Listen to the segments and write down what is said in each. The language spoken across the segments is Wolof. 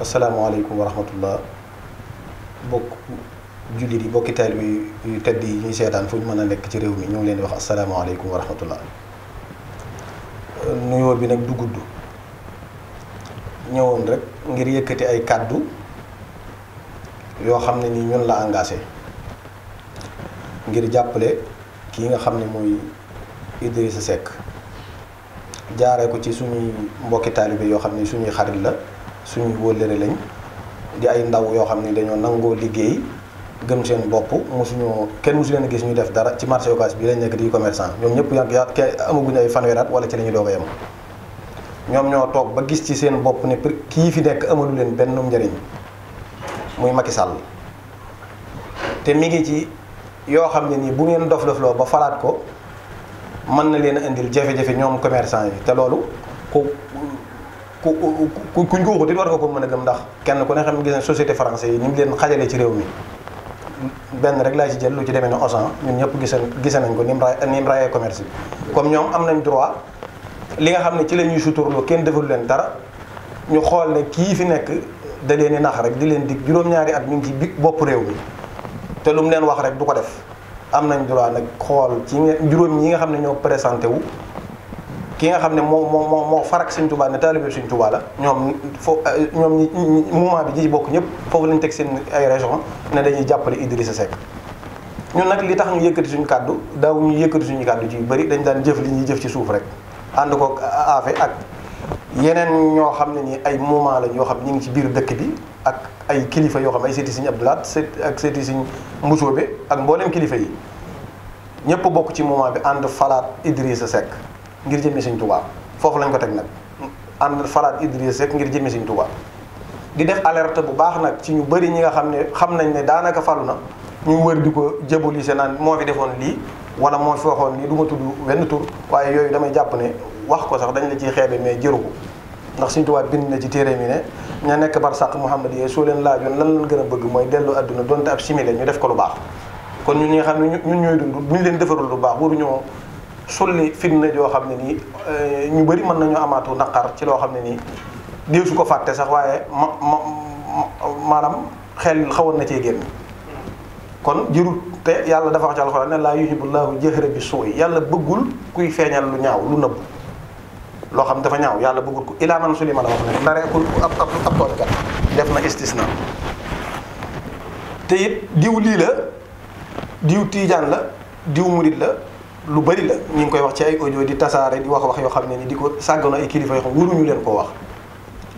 asalaamaaleykum wa rahmatullah bokk jullit yi bokki taalibe yu tedd yi ñuy seetaan fu ñu mën a nekk ci réew mi ñu ngi leen di wax asalaamaaleykum wa rahmatullah nuyoo bi nag du gudd ñëwoon rek ngir yëkkati ay kàddu yoo xam ne ni ñun la engagé ngir jàppale kii nga xam ne mooy Idrissa Seck jaaree ko ci suñuy mbokki taalibe yoo xam ne suñuy xarit la suñu suñuy wóllëre lañ di ay ndaw yoo xam ne dañoo nangoo liggéey gëm seen bopp mosuñoo kenn mosu leen gis ñu def dara ci marché occas bi lañ nekk di commerçant ñoom ñëpp yàgg yàgg amaguñu ay fanweeraat wala ci la ñu doog a ñoom ñoo toog ba gis ci seen bopp ne kii fi nekk amalu leen benn njëriñ muy Macky Sall te mi ngi ci yoo xam ne nii bu ngeen dof dofloo ba falaat ko mën na leen indil jafe-jafe ñoom commerçant yi te loolu ku ku ku kuñ ko waxut it war nga ko mën a gëm ndax kenn ku ne xam ne ne société français yi ni mu leen xajalee ci réew mi benn rek laa ci jël lu ci demee ne Auchan ñun ñëpp gise gise ko ni mu ra ni mu rayee commerce bi comme ñoom am nañ droit li nga xam ne ci la ñuy suturloo kenn deful leen dara ñu xool ne kii fi nekk da leen di nax rek di leen dig juróom-ñaari at ñu ngi ci bi bopp réew mi te lu mu leen wax rek du ko def am nañ droit nag xool ci juróom ñi nga xam ne ñoo présenté wu ki nga xam ne moo moo moo farak Sëñ Tuubaa ne taalibe Sëñ Tuubaa la ñoom fo euh, ñoom ñi moment bi ñi bokk ñëpp foofu lañ teg seen ay raison ne dañuy jàppale Idrissa Seck ñun nag li tax ñu yëkkati suñu kàddu daaw ñu yëkkati suñu kàddu ci yu bëri dañ daan jëf li ñuy jëf ci suuf rek ànd ko afe ak yeneen ñoo xam ne ni ay moment lañ yoo xam ñu ngi ci biir dëkk bi ak ay kilifa yoo xam ay seeti Sëñ Abdou Lahat ak seeti Sëñ Mbusoobe ak mboolem kilifa yi ñëpp bokk ci moment bi ànd falaat Idrissa Seck ngir jëmee sëñ Tuubaa foofu lañ ko teg nag ànd falaat Idriss rek ngir jëmee siñ Tuubaa di def alerte bu baax nag ci ñu bëri ñi nga xam ne xam nañ ne daanaka falu na ñu wër di ko jébalisé naan moo fi defoon lii wala moo fi waxoon lii du ma tudd wenn tur waaye yooyu damay jàpp ne wax ko sax dañu la ciy xeebe mais jëru ko ndax Sëñ Tuubaa bind na ci téere mi ne ña nekk bar barsàq Muhammad yee soo leen laajoon lan lan gën a bëgg mooy dellu àdduna donte ab simile ñu def ko lu baax kon ñun ñi xam ne ñun ñooy dund bu ñu leen defarul lu baax waruñoo sulli fitna joo xam ne nii eh, ñu bëri mën nañu amaatu naqar ci loo xam ne nii déew su ko fàtte sax waaye ma maanaam xel xawoon na cee génn kon jërut te yàlla dafa wax ci alxuraan ne laa yuhibbullahu jahra bi suuy yàlla bëggul kuy feeñal lu ñaaw lu nëbb loo xam dafa ñaaw yàlla bëggul ko ilaa man sulima la wax ne ndare ku ab ab ab tooñkat def na istisna te it diw lii la diw tiijaan la diw murit la lu bari la ñu ngi koy wax ci ay audio di tasaare di wax wax yoo xam ne ni di ko sàggano ay kilifa yoo xam waruñu leen koo wax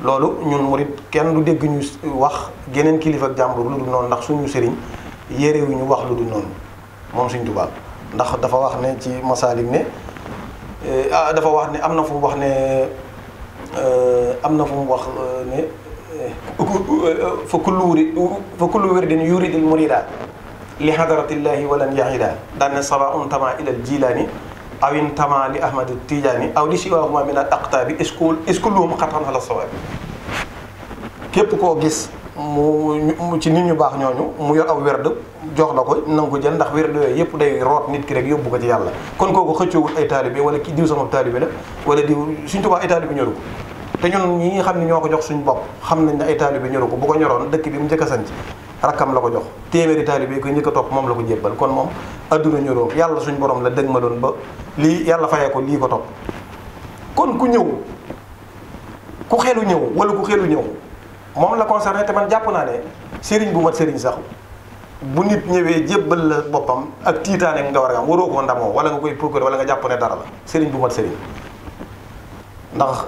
loolu ñun murit kenn du dégg ñu wax geneen kilifa ak jàmbur lu dul noonu ndax suñu sëriñ yérewuñu wax lu dul noonu moom suñ tubaab ndax dafa wax ne ci masaalik ne eh, ah dafa wax ne am na fu wax ne am na fu mu wax ne eh, eh, fa kullu wuri fa kullu wér din yuridil murida li xadaratillahi walan yaxida daan ne sawaun tama ilal jilaani aw in tama li ahmad tijaani aw li siwaahuma min al aqtaabi iskul iskulluhum xatan ala sawaabi képp koo gis mu ci nit ñu baax ñooñu mu yor aw werd jox la ko nanga ko jël ndax werd yooyu yëpp day root nit ki rek yóbbu ko ci yàlla kon kooku xëccoowul ay taalibe wala ki diw sama taalibe la wala diw suñ tubaa ay taalibe ñoru te ñun ñi nga xam ne ñoo ko jox suñ bopp xam nañ ne ay taalibe ñoru ko bu ko ñoroon dëkk bi mu njëkk a sanc rakkam la ko jox téeméeri taalibe yi koy njëkk a topp moom la ko jébbal kon moom adduna ñoroom yàlla suñ borom la dëgg ma doon ba lii yàlla fayee ko lii ko topp kon ku ñëw ku xelu ñëw wala ku xelu ñëw moom la concerné te man jàpp naa ne sëriñ bu mat sëriñ sax bu nit ñëwee jébbal la boppam ak tiitaane nga war a am waroo koo ndamoo wala nga koy procuré wala nga jàpp ne dara la sëriñ bu mat sëriñ ndax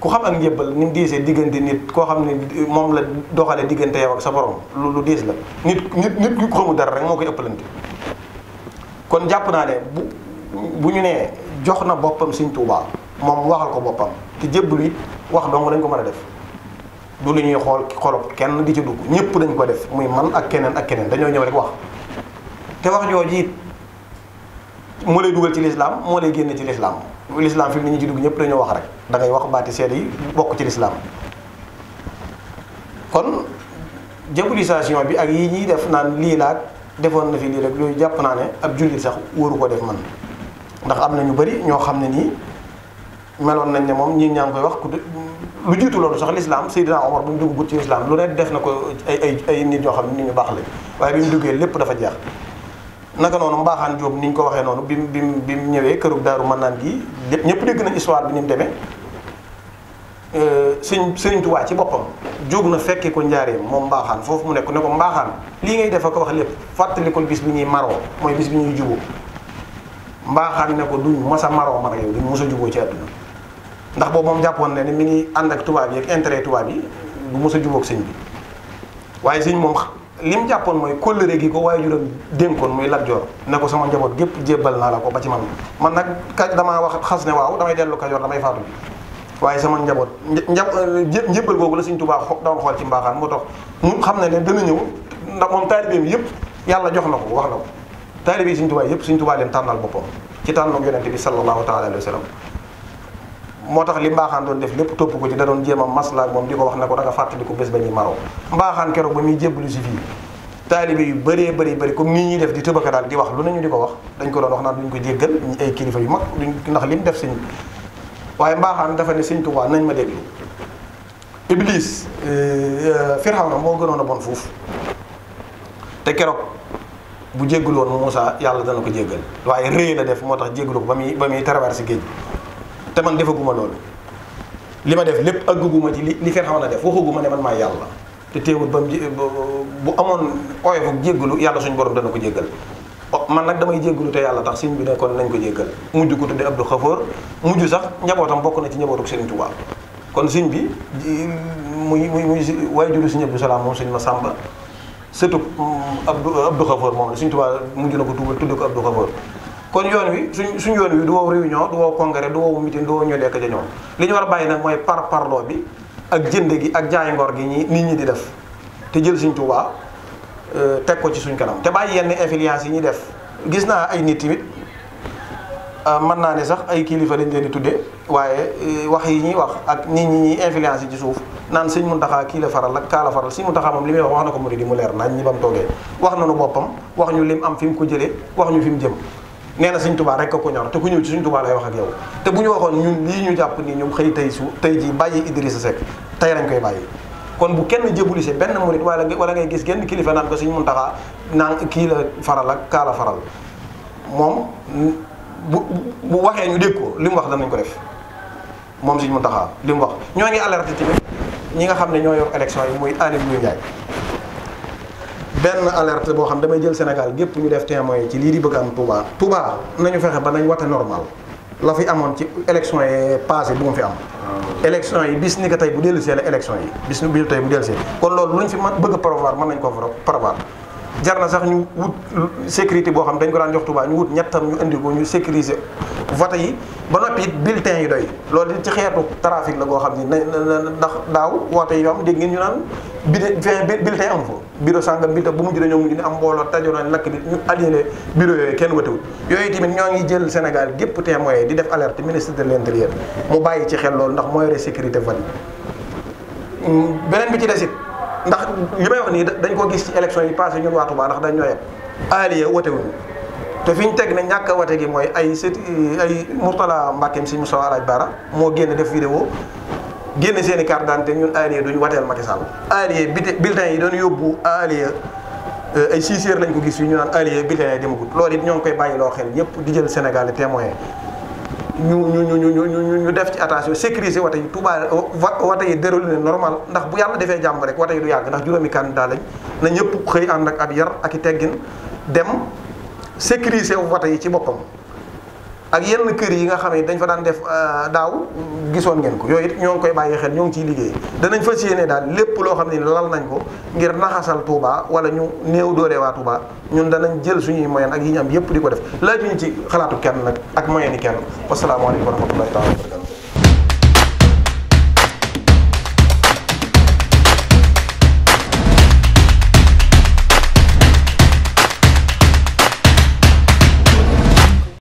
ku xam ak njëbbal ni mu diisee diggante nit koo xam ne moom la doxalee diggante yow ak sa borom lu lu diis la nit nit nit ku xamul dara rek moo koy ëppalante kon jàpp naa ne bu bu ñu nee jox na boppam Sëñ Tuubaa moom waxal ko boppam te jébbalu it wax dong lañ ko mën a def du lu ñuy xool xolop kenn di ci dugg ñëpp dañ ko def muy man ak keneen ak keneen dañoo ñëw rek wax te wax jooju it moo lay dugal ci lislaam moo lay génne ci lislaam l'islam fi mu ne ci dugg ñëpp dañoo wax rek da ngay wax baati seede yi bokk ci l'islam kon diabolisation bi ak yi ñuy def naan lii laag defoon na fi lii rek yooyu jàpp naa ne ak jullit sax waru koo def man ndax am na ñu bari ñoo xam ne nii meloon nañ ne moom ñii ñaa ngi koy wax ku lu jiitu loolu sax l'islam Seydina Omar bu mu dugg ci l'islam lu ne def na ko ay ay nit ñoo xam ne nit ñu baax la waaye bi duggee lépp dafa jeex naka noonu mbaaxaan Jóob ni ñu ko waxee noonu bi mu bi mu bi mu ñëwee daaru mën naan gii lépp ñëpp dégg nañ histoire bi ni mu demee euh, sëñ sëriñ Tuubaa ci boppam jóg na fekke ko njaareem moom mbaaxaan foofu mu nekk ne ko mbaaxaan lii ngay def ak wax lépp fàttalikul bis bi ñuy maroo mooy bis bi ñuy juboo mbaaxaan ne ko duñ mos a maroo man ak yow duñ mos a ndax boobu moom jàppoon na ne mi ngi ànd ak tubaab yi ak intérêt yi mos a jubóog bi waaye sëñ moom li mu jàppoon mooy kóllëre gi ko waajuram dénkoon muy Lat Joor ne ko sama njaboot gépp jébbal naa la ko ba ci man man nag ka damaa wax xas ne waaw damay dellu Kajoor damay faatu bi waaye sama njaboot nja njébbal googu la Sëñ Tuubaa doon xool ci mbaaxaan moo tax mu xam ne ne dana ñëw ndax moom taalibeem yëpp yàlla jox na ko wax na ko taalibe yi Sëñ Tuubaa yëpp Sëñ Tuubaa leen tànnal boppam ci tànn ak Yonent bi sallallahu taala alayhi wa moo tax li mbaaxaan doon def lépp topp ko ci da doon jéem moom di ko wax ne ko da nga fàttaliku bés ba ñuy maroo mbaaxaan keroog ba muy jébbalu si fii taalibe yu bëree bëri bëri comme nii ñuy def di tëbaka daal di wax lu nañu di ko wax dañ ko doon wax naan duñ ko jéggal ay kilifa yu mag duñ ndax lim def sëñ waaye mbaaxaan dafa ne sëñ Tuubaa nañ ma déglu Iblis euh, euh, na moo gënoon a bon foofu te keroog bu jéggalu woon Moussa yàlla dana ko jéggal waaye rëy la def moo tax jéggalu ko ba muy ba muy traversé géej te man defaguma loolu li ma def lépp àgguguma ci li li fee xaw na def waxuguma ne man maa yàlla te teewul ba mu bu amoon oyofu jéggalu yàlla suñu borom dana ko jéggal man nag damay jéggalu te yàlla tax sëñ bi ne kon nañ ko jéggal mujj ko tudde Abdou Xafoor mujj sax njabootam bokk na ci njabootu Serigne Touba kon sëñ bi mu muy muy waajuru sëñ Abdou Salaam moom sëñ Massamba sëtub mm, Abdou Abdou Xafoor moom la sëñ Touba mujj na ko tuubal tudde kon yoon wi suñ suñ yoon wi du wow réunion du wow congrès du wow meeting du wow ñu lekk ja li ñu war a bàyyi nag mooy par parloo bi ak jënd gi ak jaay ngor gi ñi nit ñi di def te jël suñ Tuubaa euh, teg ko ci suñ kanam te bàyyi yenn influence yi ñuy def gis naa ay nit tamit euh, mën naa ne sax ay kilifa lañ leen di tuddee waaye euh, wax yi ñuy wax ak nit ñi ñuy influence suuf naan sëñ Muntaxa kii la faral ak kaa la faral sëñ Muntaxa moom li muy wax wax na ko mu di mu leer naa ñi bam toogee wax na nañu boppam wax ñu lim am fi mu ko jëlee wax ñu fi mu jëm nee na sëñ Tuubaa a ko ñor te ku ñëw ci sëñ Tuubaa lay wax ak yow te bu ñu waxoon ñun lii ñu jàpp ni ñoom xëy tey su tey ji bàyyi Idrissa Seck tey lañ koy bàyyi kon bu kenn jébulise benn murit wala wala ngay gis genn kilifa naan ko sëñ Muntaxa naan kii la faral ak kaala faral moom bu bu waxee ñu dégg ko li mu wax danañ ko def moom sëñ Muntaxa li mu wax ñoo ngi alerté tamit ñi nga xam ne ñoo yor élection yi muy Aly Ngouille Ndiaye benn alerte boo xam damay jël Sénégal gépp ñu def témoin ci lii di bëgg am Touba. Touba nañu fexe ba nañ wate normal la fi amoon ci élection yi passé bu mu fi am. Ah. élection yi bis ni ko tey bu dellusee la élection yi bis bi tey bu dell dellusee kon loolu luñ fi mën bëgg a prévoir mën nañ ko prévoir jar na sax ñu wut sécurité boo xam dañ ko daan jox Touba ñu wut ñettam ñu indi ko ñu sécuriser vote yi ba noppi it bulletin yi doy loolu ci xeetu trafic la boo xam ni na ndax daaw woote yi am dégg ñu naan bi de fin bulletin amu fa bureau sàngam bi ta bu mujj dañoo mujj ne am mbooloo tajoo na lakk bi ñu aliéné bureau yooyu kenn watewut yooyu tamit ñoo ngi jël Sénégal gépp témoin di def alerte ministre de l'intérieur mu bàyyi ci xel loolu ndax moo yore sécurité mm, beneen bi ci desit ndax li may wax nii dañ koo gis ci élection yi passé ñun waa Touba ndax dañ ñoo yem allié watewuñu te fi ñu teg ne ñàkk a wate gi mooy ay sët ay Mourtala Mbackeem si Moussa Alaaj Bara moo génn def vidéo génne seen i carte d'identité ñun allié duñu wateel Macky Sall allié bulletin yi doon yóbbu allié euh, ay 6 heures ko gis yi ñu naan allié bulletin yi demagut loolu it ñoo ngi koy bàyyi loo xel yëpp di jël Sénégal témoin ñu ñu ñu ñu ñu ñu ñu def ci attention sécuriser wate yi Touba wate yi déroulé normal ndax bu yàlla defee jàmm rek wate yi du yàgg ndax juróomi candidat lañ na ñëpp xëy ànd ak ab yar ak i teggin dem sécuriser wate yi ci boppam ak yenn kër yi nga xam ne dañ fa daan def euh, daaw gisoon ngeen ko yooyu ñoo ngi koy bàyyi xel ñoo ngi ciy liggéey danañ fa yéene daal lépp loo xam ne lal nañ ko ngir naxasal Touba wala ñu néew doole waa Touba ñun danañ jël suñuy moyen ak yi ñu am yëpp di ko def laajuñ ci xalaatu kenn nag ak moyen yi kenn wasalaamaaleykum wa rahmatullahi taala